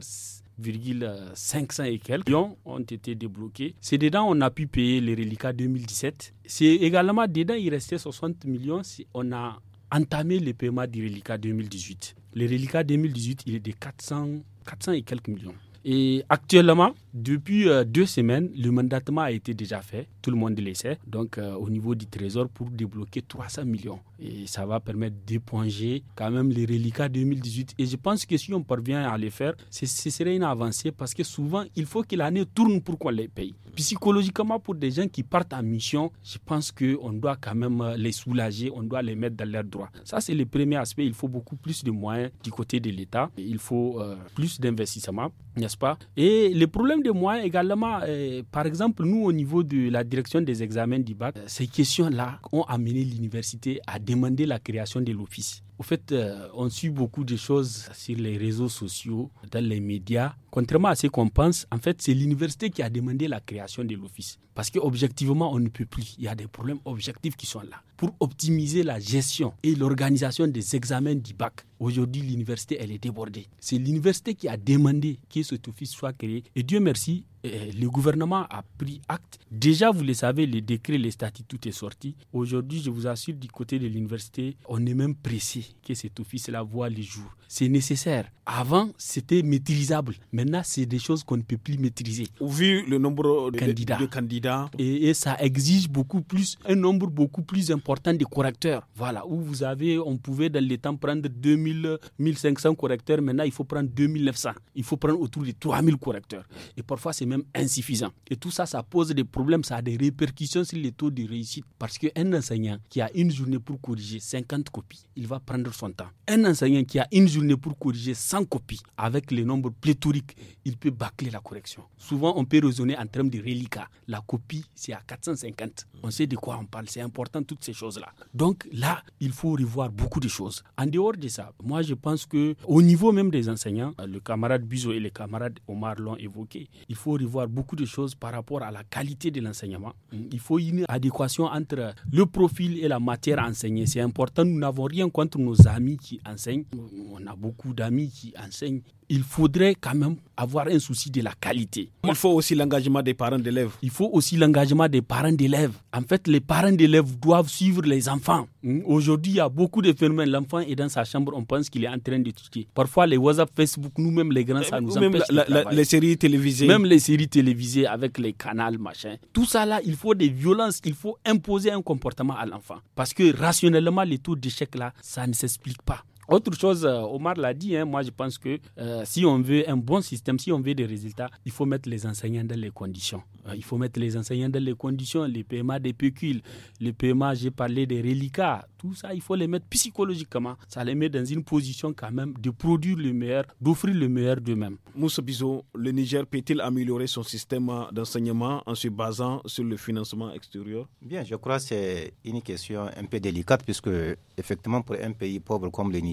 et quelques millions ont été débloqués. C'est dedans on a pu payer les reliquats 2017. C'est également dedans il restait 60 millions si on a entamé le paiement du reliquat 2018. Le reliquat 2018 il est de 400, 400 et quelques millions. Et actuellement, depuis euh, deux semaines, le mandatement a été déjà fait. Tout le monde le sait. Donc, au niveau du Trésor, pour débloquer 300 millions et ça va permettre d'éponger quand même les reliquats 2018. Et je pense que si on parvient à les faire, ce, serait une avancée parce que souvent, il faut que l'année tourne pour qu'on les paye. Psychologiquement, pour des gens qui partent en mission, je pense qu'on doit quand même euh, les soulager, on doit les mettre dans leurs droits. Ça, c'est le premier aspect. Il faut beaucoup plus de moyens du côté de l'État. Il faut euh, plus d'investissement, n'est-ce pas Et le problème des moyens également, euh, par exemple, nous, au niveau de la direction des examens du bac, ces questions-là ont amené l'université à demander la création de l'office. Au fait, euh, on suit beaucoup de choses sur les réseaux sociaux, dans les médias. Contrairement à ce qu'on pense, en fait, c'est l'université qui a demandé la création de l'office. Parce que objectivement, on ne peut plus. Il y a des problèmes objectifs qui sont là. Pour optimiser la gestion et l'organisation des examens du bac, aujourd'hui, l'université, elle est débordée. C'est l'université qui a demandé que cet office soit créé. Et Dieu merci, eh, eh, le gouvernement a pris acte. Déjà, vous le savez, les décrets, les statuts, tout est sorti. Aujourd'hui, je vous assure, du côté de l'université, on est même pressé que cet office-là voit les jours. C'est nécessaire. Avant, c'était maîtrisable. Maintenant, c'est des choses qu'on ne peut plus maîtriser. Vu le nombre de candidats, Et, ça exige beaucoup plus, un nombre beaucoup plus important de correcteurs. Voilà, où vous avez, on pouvait dans les temps prendre 2000, 1500 correcteurs. Maintenant, il faut prendre 2900. Il faut prendre autour de 3000 correcteurs. Et parfois, c'est insuffisant. Et tout ça, ça pose des problèmes, ça a des répercussions sur les taux de réussite. Parce qu'un enseignant qui a une journée pour corriger 50 copies, il va prendre son temps. Un enseignant qui a une journée pour corriger 100 copies, avec les nombres pléthoriques, il peut bâcler la correction. Souvent, on peut raisonner en termes de reliquats. La copie, c'est à 450. On sait de quoi on parle. C'est important, toutes ces choses-là. Donc là, il faut revoir beaucoup de choses. En dehors de ça, moi, je pense que au niveau même des enseignants, le camarade Buzo et le camarade Omar l'ont évoqué, il faut voir beaucoup de choses par rapport à la qualité de l'enseignement. Il faut une adéquation entre le profil et la matière enseignée. C'est important. Nous n'avons rien contre nos amis qui enseignent on a beaucoup d'amis qui enseignent. Il faudrait quand même avoir un souci de la qualité. Il faut aussi l'engagement des parents d'élèves. Il faut aussi l'engagement des parents d'élèves. En fait, les parents d'élèves doivent suivre les enfants. Hmm? Aujourd'hui, il y a beaucoup de phénomènes. L'enfant est dans sa chambre, on pense qu'il est en train de d'étudier. Parfois, les WhatsApp, Facebook, nous-mêmes, les grands, ça eh, nous empêche. Même les séries télévisées. Même les séries télévisées avec les canals, machin. Tout ça là, il faut des violences, il faut imposer un comportement à l'enfant. Parce que rationnellement, les taux d'échec là, ça ne s'explique pas. Autre chose, euh, Omar l'a dit, hein, moi je pense que euh, si on veut un bon système, si on veut des résultats, il faut mettre les enseignants dans les conditions. Euh, il faut mettre les enseignants dans les conditions, les PMA des pécules, les PMA, j'ai parlé des reliquats, tout ça, il faut les mettre psychologiquement. Ça les met dans une position quand même de produire le meilleur, d'offrir le meilleur d'eux-mêmes. Moussa Biso, le Niger peut-il améliorer son système d'enseignement en se basant sur le financement extérieur Bien, je crois que c'est une question un peu délicate puisque effectivement pour un pays pauvre comme le Niger,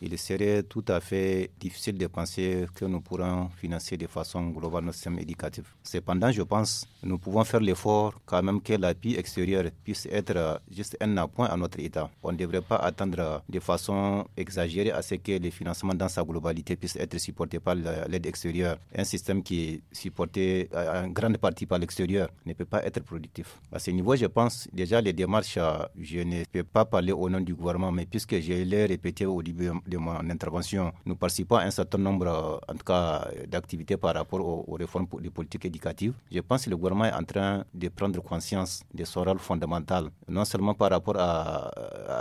il serait tout à fait difficile de penser que nous pourrons financer de façon globale notre système éducatif. Cependant, je pense que nous pouvons faire l'effort quand même que l'appui extérieur puisse être euh, juste un appoint à notre État. On ne devrait pas attendre euh, de façon exagérée à ce que le financement dans sa globalité puisse être supporté par l'aide extérieure. Un système qui est supporté euh, en grande partie par l'extérieur ne peut pas être productif. À ce niveau, je pense déjà les démarches, je ne peux pas parler au nom du gouvernement, mais puisque je l'ai répété au au début de mon intervention, nous participons à un certain nombre, en tout cas, d'activités par rapport aux, réformes des politiques éducatives. Je pense que le gouvernement est en train de prendre conscience de son rôle fondamental, non seulement par rapport à,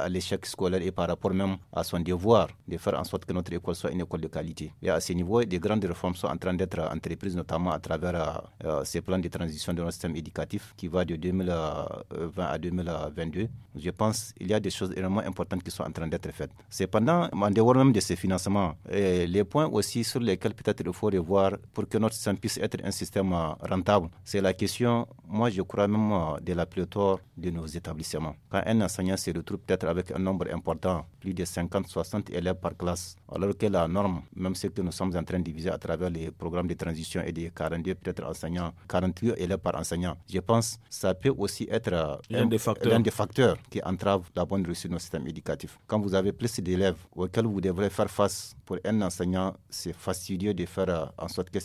l'échec scolaire et par rapport même à son devoir de faire en sorte que notre école soit une école de qualité. Et à ce niveau, des grandes réformes sont en train d'être entreprises, notamment à travers euh, ces plans de transition de notre système éducatif qui va de 2020 euh, à 2022. Je pense qu'il y a des choses vraiment importantes qui sont en train d'être faites. Cependant, Maintenant, en dehors même de ces financements, euh, les points aussi sur lesquels peut-être il faut revoir pour que notre système puisse être un système euh, rentable, c'est la question, moi je crois même, euh, de la pléthore de nos établissements. Quand un enseignant se retrouve peut-être avec un nombre important, plus de 50-60 élèves par classe, alors que la norme, même ce que nous sommes en train de diviser à travers les programmes de transition et de 42 peut-être enseignants, 48 élèves par enseignant, je pense que ça peut aussi être l'un des, facteurs qui entrave la bonne réussite de nos systèmes éducatifs. Quand vous avez plus d'élèves auxquels vous devrez faire face pour un enseignant, c'est fastidieux de faire euh, en sorte que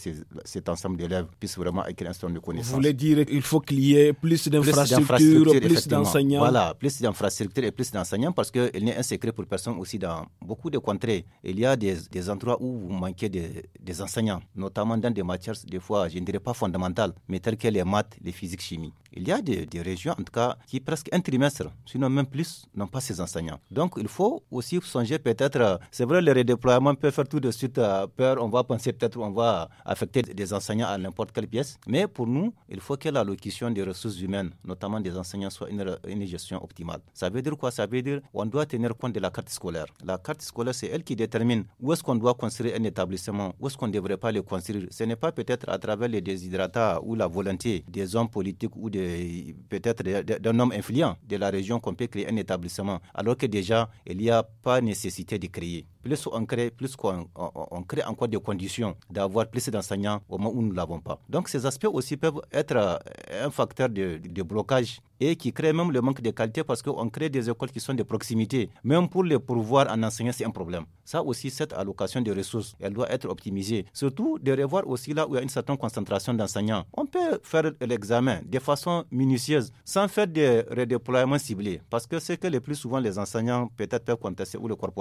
cet ensemble d'élèves puisse vraiment acquérir un certain de connaissances. Vous voulez dire qu'il faut qu'il y ait plus d'infrastructures, plus d'enseignants Voilà, plus d'infrastructures et plus d'enseignants parce qu'il n'est un secret pour personne aussi dans beaucoup de contrées. Il y a des, des endroits où vous manquez de, des enseignants, notamment dans des matières, des fois, je ne dirais pas fondamentales, mais telles que les maths, les physiques, chimie. Il y a des, des régions, en tout cas, qui presque un trimestre, sinon même plus, n'ont pas ces enseignants. Donc, il faut aussi songer peut-être, euh, c'est vrai, le redéploiement peut faire tout de suite euh, peur. On va penser peut-être on va affecter des enseignants à n'importe quelle pièce. Mais pour nous, il faut que l'allocation des ressources humaines, notamment des enseignants, soit une, une gestion optimale. Ça veut dire quoi Ça veut dire on doit tenir compte de la carte scolaire. La carte scolaire, c'est elle qui détermine où est-ce qu'on doit construire un établissement, où est-ce qu'on ne devrait pas le construire. Ce n'est pas peut-être à travers les déshydratats ou la volonté des hommes politiques ou peut-être d'un homme influent de la région qu'on peut créer un établissement, alors que déjà, il n'y a pas nécessaire de créer. Plus on crée, plus on, on, crée encore des conditions d'avoir plus d'enseignants au moment où nous ne l'avons pas. Donc ces aspects aussi peuvent être euh, un facteur de, blocage et qui crée même le manque de qualité parce qu'on crée des écoles qui sont de proximité. Même pour les pouvoirs en enseignant, c'est un problème. Ça aussi, cette allocation de ressources, elle doit être optimisée. Surtout de revoir aussi là où il y a une certaine concentration d'enseignants. On peut faire l'examen de façon minutieuse sans faire des redéploiements ciblés parce que c'est que le plus souvent les enseignants peut-être peuvent contester ou le corps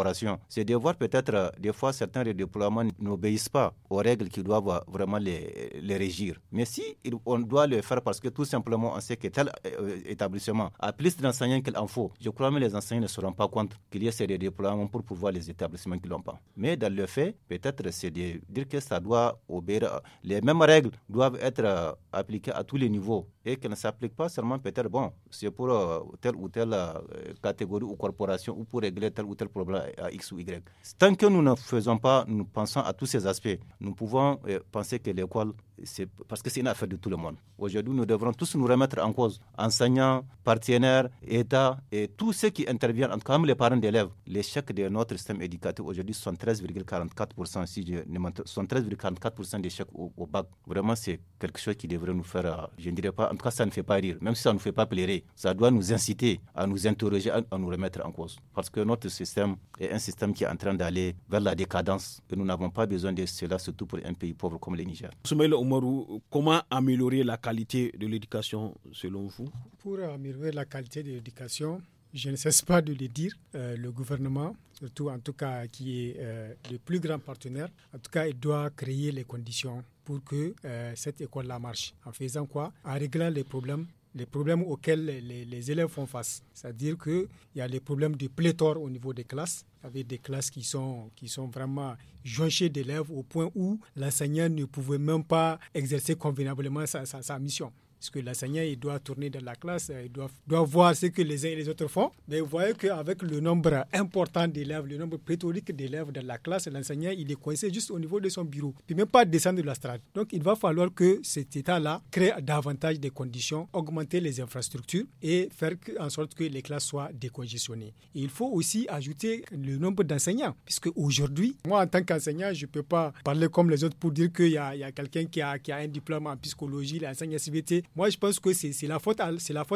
c'est de voir peut-être euh, des fois certains redéploiements n'obéissent pas aux règles qui doivent euh, vraiment les, régir. Mais si on doit le faire parce que tout simplement on sait que tel euh, établissement a plus d'enseignants qu'il en faut, je crois que les enseignants ne seront pas contre qu'il y ait ces redéploiements pour pouvoir les établissements qui l'ont pas. Mais dans le fait, peut-être c'est de dire que ça doit obéir. Les mêmes règles doivent être appliquées à tous les niveaux et qu'elles ne s'appliquent pas seulement peut-être, bon, c'est pour telle ou telle catégorie ou corporation ou pour régler tel ou tel problème à X ou Y. Tant que nous ne faisons pas, nous pensons à tous ces aspects, nous pouvons euh, penser que l'école c'est parce que c'est une affaire de tout le monde. Aujourd'hui, nous devrons tous nous remettre en cause, enseignants, partenaires, États et tous ceux qui interviennent, comme les parents d'élèves. L'échec de notre système éducatif aujourd'hui, 13,44% si je ne 73,44% d'échecs au, au, bac. Vraiment, c'est quelque chose qui devrait nous faire, euh, je ne dirais pas, en tout cas, ça ne fait pas rire, même si ça ne nous fait pas plaire. Ça doit nous inciter à nous interroger, à nous remettre en cause. Parce que notre système est un système qui est en train d'aller vers la décadence et nous n'avons pas besoin de cela, surtout pour un pays pauvre comme le Niger comment améliorer la qualité de l'éducation selon vous Pour améliorer la qualité de l'éducation, je ne cesse pas de le dire, euh, le gouvernement, surtout en tout cas qui est euh, le plus grand partenaire, en tout cas il doit créer les conditions pour que euh, cette école-là marche. En faisant quoi En réglant les problèmes les problèmes auxquels les, élèves font face. C'est-à-dire qu'il y a les problèmes de pléthore au niveau des classes, avec des classes qui sont, qui sont vraiment jonchées d'élèves au point où l'enseignant ne pouvait même pas exercer convenablement sa mission. Parce que l'enseignant, il doit tourner dans la classe, euh, il doit, doit voir ce que les uns et les autres font. Mais vous voyez qu'avec le nombre important d'élèves, le nombre pléthorique d'élèves dans la classe, l'enseignant, il est coincé juste au niveau de son bureau. Puis même pas descendre de la strade. Donc, il va falloir que cet État-là crée davantage de conditions, augmenter les infrastructures et faire en sorte que les classes soient décongestionnées. il faut aussi ajouter le nombre d'enseignants. Puisque aujourd'hui, moi, en tant qu'enseignant, je ne peux pas parler comme les autres pour dire qu'il y a, a quelqu'un qui a, qui a un diplôme en psychologie, l'enseignant CVT... Moi, je pense que c'est la faute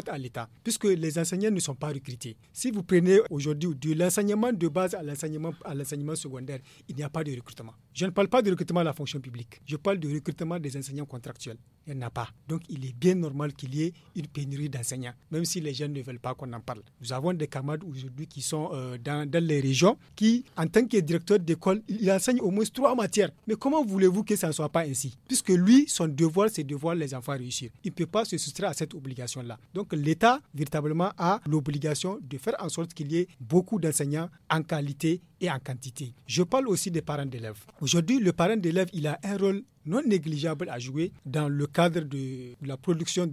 à l'État, puisque les enseignants ne sont pas recrutés. Si vous prenez aujourd'hui de l'enseignement de base à l'enseignement secondaire, il n'y a pas de recrutement. Je ne parle pas de recrutement à la fonction publique, je parle de recrutement des enseignants contractuels. Il n'y en a pas. Donc, il est bien normal qu'il y ait une pénurie d'enseignants, même si les jeunes ne veulent pas qu'on en parle. Nous avons des camarades aujourd'hui qui sont euh, dans, les régions qui, en tant que directeur d'école, il enseigne au moins trois matières. Mais comment voulez-vous que ça ne soit pas ainsi Puisque lui, son devoir, c'est de voir les enfants réussir pas se soustraire à cette obligation-là. Donc l'État, véritablement, a l'obligation de faire en sorte qu'il y ait beaucoup d'enseignants en qualité et en quantité. Je parle aussi des parents d'élèves. Aujourd'hui, le parent d'élève, il a un rôle non négligeable à jouer dans le cadre de, la production de,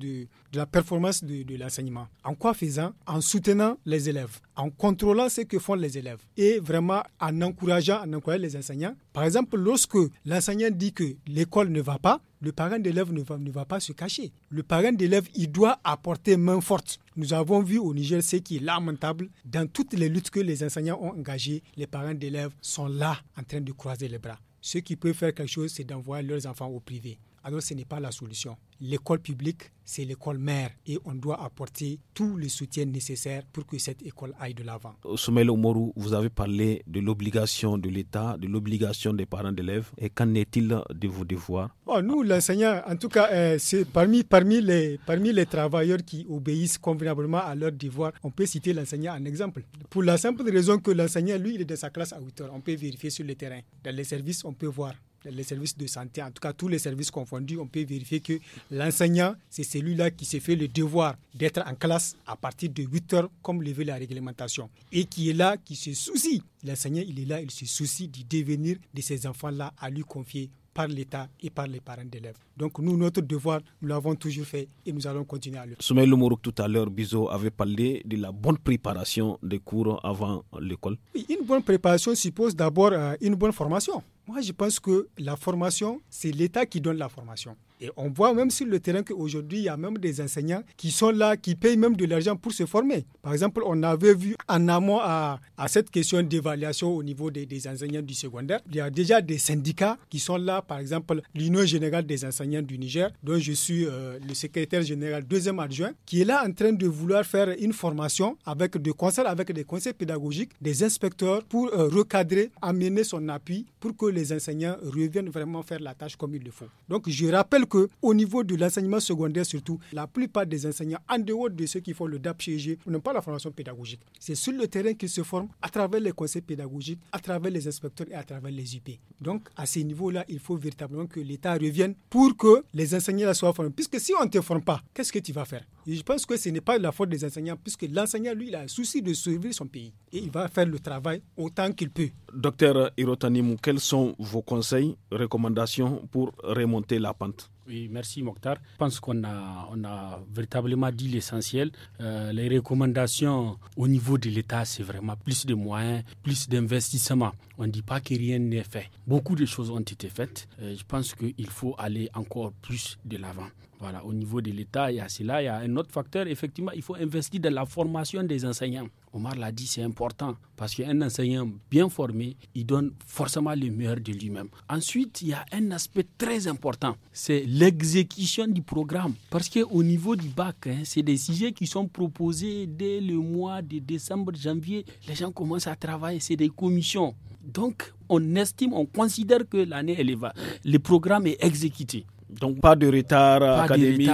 de, la performance de, l'enseignement. En quoi faisant En soutenant les élèves, en contrôlant ce que font les élèves et vraiment en encourageant, en encourageant les enseignants. Par exemple, lorsque l'enseignant dit que l'école ne va pas, le parent d'élève ne va, ne va pas se cacher. Le parent d'élève, il doit apporter main forte. Nous avons vu au Niger ce qui est lamentable. Dans toutes les luttes que les enseignants ont engagées, les parents d'élèves sont là en train de croiser les bras. Ceux qui peuvent faire quelque chose, c'est d'envoyer leurs enfants au privé. Alors ce n'est pas la solution. L'école publique, c'est l'école mère et on doit apporter tout le soutien nécessaire pour que cette école aille de l'avant. Soumel Omoru, vous avez parlé de l'obligation de l'État, de l'obligation des parents d'élèves. Et qu'en est-il de vos devoirs Nous, l'enseignant, en tout cas, euh, c'est parmi, parmi, les, parmi les travailleurs qui obéissent convenablement à leurs devoirs, on peut citer l'enseignant en exemple. Pour la simple raison que l'enseignant, lui, il est de sa classe à 8 heures. On peut vérifier sur le terrain. Dans les services, on peut voir les services de santé, en tout cas tous les services confondus, on peut vérifier que l'enseignant, c'est celui-là qui se fait le devoir d'être en classe à partir de 8 heures, comme le veut la réglementation, et qui est là, qui se soucie. L'enseignant, il est là, il se soucie du devenir de ces enfants-là à lui confier par l'État et par les parents d'élèves. Donc nous, notre devoir, nous l'avons toujours fait et nous allons continuer à le faire. Soumaïl tout à l'heure, Bizo avait parlé de la bonne préparation des cours avant l'école. Une bonne préparation suppose d'abord euh, une bonne formation. Moi, je pense que la formation, c'est l'État qui donne la formation. Et on voit même sur le terrain qu'aujourd'hui, il y a même des enseignants qui sont là, qui payent même de l'argent pour se former. Par exemple, on avait vu en amont à, cette question d'évaluation au niveau des, enseignants du secondaire, il y a déjà des syndicats qui sont là, par exemple l'Union générale des enseignants du Niger, dont je suis euh, le secrétaire général deuxième adjoint, qui est là en train de vouloir faire une formation avec des conseils, avec des conseils pédagogiques, des inspecteurs pour euh, recadrer, amener son appui pour que les enseignants reviennent vraiment faire la tâche comme il le faut. Donc je rappelle au niveau de l'enseignement secondaire surtout, la plupart des enseignants, en dehors de ceux qui font le DAPCG, n'ont pas la formation pédagogique. C'est sur le terrain qu'ils se forment à travers les conseils pédagogiques, à travers les inspecteurs et à travers les UP. Donc, à ces niveaux-là, il faut véritablement que l'État revienne pour que les enseignants soient formés. Puisque si on ne te forme pas, qu'est-ce que tu vas faire Je pense que ce n'est pas la faute des enseignants, puisque l'enseignant, lui, il a un souci de sauver son pays. Et il va faire le travail autant qu'il peut. Docteur Hirotanimou, quels sont vos conseils, recommandations pour remonter la pente oui, merci Mokhtar. Je pense qu'on a, on a véritablement dit l'essentiel. Euh, les recommandations au niveau de l'État, c'est vraiment plus de moyens, plus d'investissement. On ne dit pas que rien n'est fait. Beaucoup de choses ont été faites. Euh, je pense qu'il faut aller encore plus de l'avant. Voilà, au niveau de l'État, il y a cela, il y a un autre facteur. Effectivement, il faut investir dans la formation des enseignants. Omar l'a dit, c'est important parce qu'un enseignant bien formé, il donne forcément le meilleur de lui-même. Ensuite, il y a un aspect très important, c'est l'exécution du programme. Parce qu'au niveau du bac, hein, c'est des sujets qui sont proposés dès le mois de décembre, janvier. Les gens commencent à travailler, c'est des commissions. Donc, on estime, on considère que l'année, elle va. Le programme est exécuté. Donc pas de retard académique,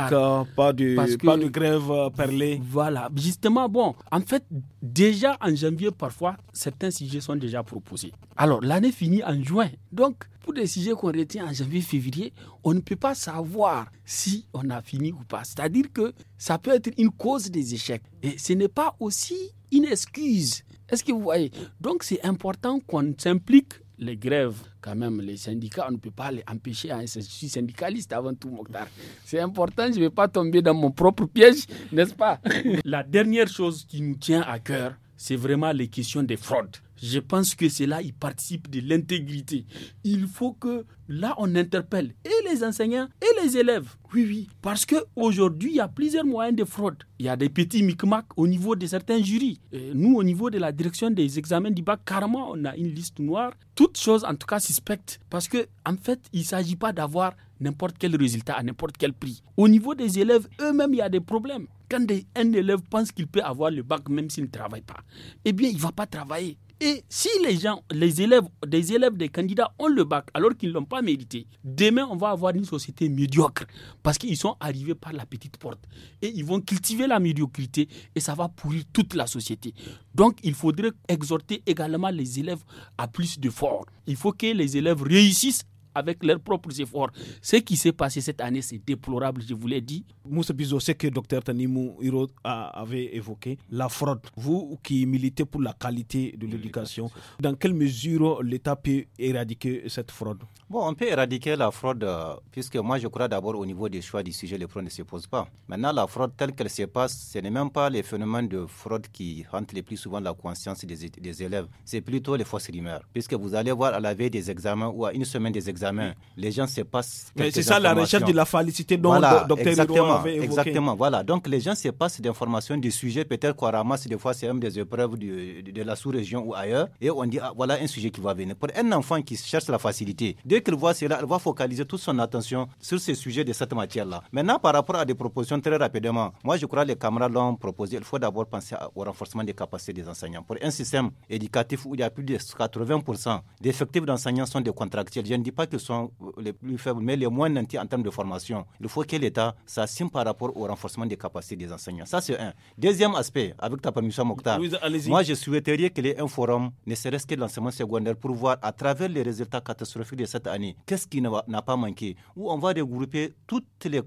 pas, de, euh, pas de grève euh, perlée. Voilà, justement, bon, en fait, déjà en janvier, parfois, certains sujets sont déjà proposés. Alors, l'année finit en juin. Donc, pour des sujets qu'on retient en janvier, février, on ne peut pas savoir si on a fini ou pas. C'est-à-dire que ça peut être une cause des échecs. Et ce n'est pas aussi une excuse. Est-ce que vous voyez Donc, c'est important qu'on s'implique les grèves, quand même, les syndicats, on ne peut pas les empêcher. Hein. Je suis syndicaliste avant tout, Mokhtar. C'est important, je ne vais pas tomber dans mon propre piège, n'est-ce pas La dernière chose qui nous tient à cœur, c'est vraiment les questions des fraudes. Je pense que cela, il participe de l'intégrité. Il faut que là, on interpelle et les enseignants et les élèves. Oui, oui. Parce qu'aujourd'hui, il y a plusieurs moyens de fraude. Il y a des petits micmacs au niveau de certains jurys. nous, au niveau de la direction des examens du bac, carrément, on a une liste noire. Toutes choses, en tout cas, suspectes. Parce que, en fait, il ne s'agit pas d'avoir n'importe quel résultat à n'importe quel prix. Au niveau des élèves eux-mêmes, il y a des problèmes. Quand un élève pense qu'il peut avoir le bac même s'il ne travaille pas, eh bien, il ne va pas travailler. Et si les gens, les élèves, des élèves des candidats ont le bac alors qu'ils ne l'ont pas mérité, demain on va avoir une société médiocre parce qu'ils sont arrivés par la petite porte et ils vont cultiver la médiocrité et ça va pourrir toute la société. Donc il faudrait exhorter également les élèves à plus de force. Il faut que les élèves réussissent avec leurs propres efforts. Ce qui s'est passé cette année, c'est déplorable, je vous l'ai dit. Moussa Bizo, ce que Dr Tanimou Hiro avait évoqué, la fraude. Vous qui militez pour la qualité de l'éducation, dans quelle mesure l'État peut éradiquer cette fraude Bon, on peut éradiquer la fraude, euh, puisque moi je crois d'abord au niveau des choix du sujet, les fraudes ne se posent pas. Maintenant, la fraude telle qu'elle se passe, ce n'est même pas les phénomènes de fraude qui hantent le plus souvent la conscience des, des élèves, c'est plutôt les fausses rumeurs. Puisque vous allez voir à la veille des examens ou à une semaine des examens, les gens se passent. c'est ça la recherche de la félicité dont le docteur exactement, avait évoqué. Exactement, voilà. Donc les gens se passent d'informations du sujet, peut-être qu'on ramasse des fois, c'est même des épreuves de, de, la sous-région ou ailleurs, et on dit, ah, voilà un sujet qui va venir. Pour un enfant qui cherche la facilité, dès qu'il voit cela, il va focaliser toute son attention sur ce sujet de cette matière-là. Maintenant, par rapport à des propositions très rapidement, moi je crois que les camarades l'ont proposé, il faut d'abord penser au renforcement des capacités des enseignants. Pour un système éducatif où il y a plus de 80% d'effectifs d'enseignants sont des contractuels, je ne dis pas que sont euh, les plus faibles, mais les moins nantis en termes de formation. Il faut que l'État s'assume par rapport au renforcement des capacités des enseignants. Ça, c'est un. Deuxième aspect, avec ta permission, Mokhtar, oui, moi, je souhaiterais qu'il y ait un forum, ne serait-ce que de l'enseignement secondaire, pour voir à travers les résultats catastrophiques de cette année, qu'est-ce qui n'a pas manqué, où on va regrouper toutes les,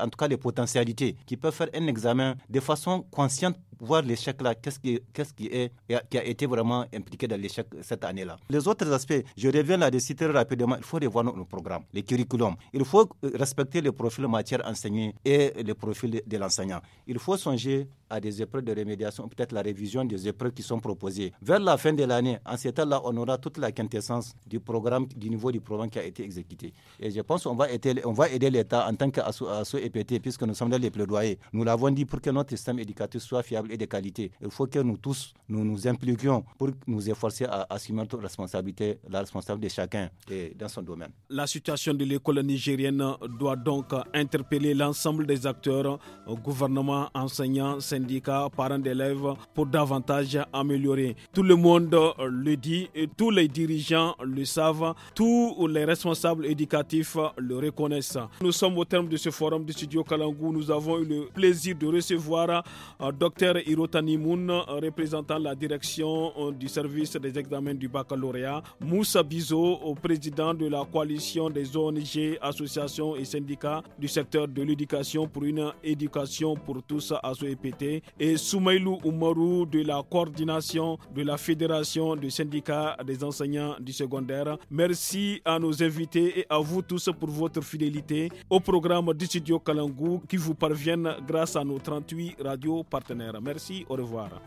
en tout cas les potentialités qui peuvent faire un examen de façon consciente voir l'échec-là, qu'est-ce qui, qu'est-ce qui, est, qui a été vraiment impliqué dans l'échec cette année-là. Les autres aspects, je reviens là-dessus très rapidement, il faut revoir nos programmes, les curriculums. Il faut euh, respecter les profils matière enseignée et le profil de l'enseignant. Il faut songer à des épreuves de remédiation, peut-être la révision des épreuves qui sont proposées. Vers la fin de l'année, en cet temps-là, on aura toute la quintessence du programme, du niveau du programme qui a été exécuté. Et je pense qu'on va aider, on va aider l'État en tant qu'associé EPT, puisque nous sommes dans les plaidoyers. Nous l'avons dit pour que notre système éducatif soit fiable et de qualités. Il faut que nous tous, nous nous impliquions pour nous efforcer à assumer notre responsabilité, la responsabilité de chacun et dans son domaine. La situation de l'école nigérienne doit donc interpeller l'ensemble des acteurs, gouvernement, enseignants, syndicats, parents d'élèves, pour davantage améliorer. Tout le monde le dit, et tous les dirigeants le savent, tous les responsables éducatifs le reconnaissent. Nous sommes au terme de ce forum du studio Kalangou. Nous avons eu le plaisir de recevoir euh, docteur Iro Hirotani représentant la direction euh, du service des examens du baccalauréat, Moussa Bizo, euh, président de la coalition des ONG, associations et syndicats du secteur de l'éducation pour une éducation pour tous à SOEPT, et Soumaïlou Oumarou de la coordination de la Fédération des syndicats des enseignants du secondaire. Merci à nos invités et à vous tous pour votre fidélité au programme du studio Kalangou qui vous parviennent grâce à nos 38 radios partenaires. Merci, au revoir.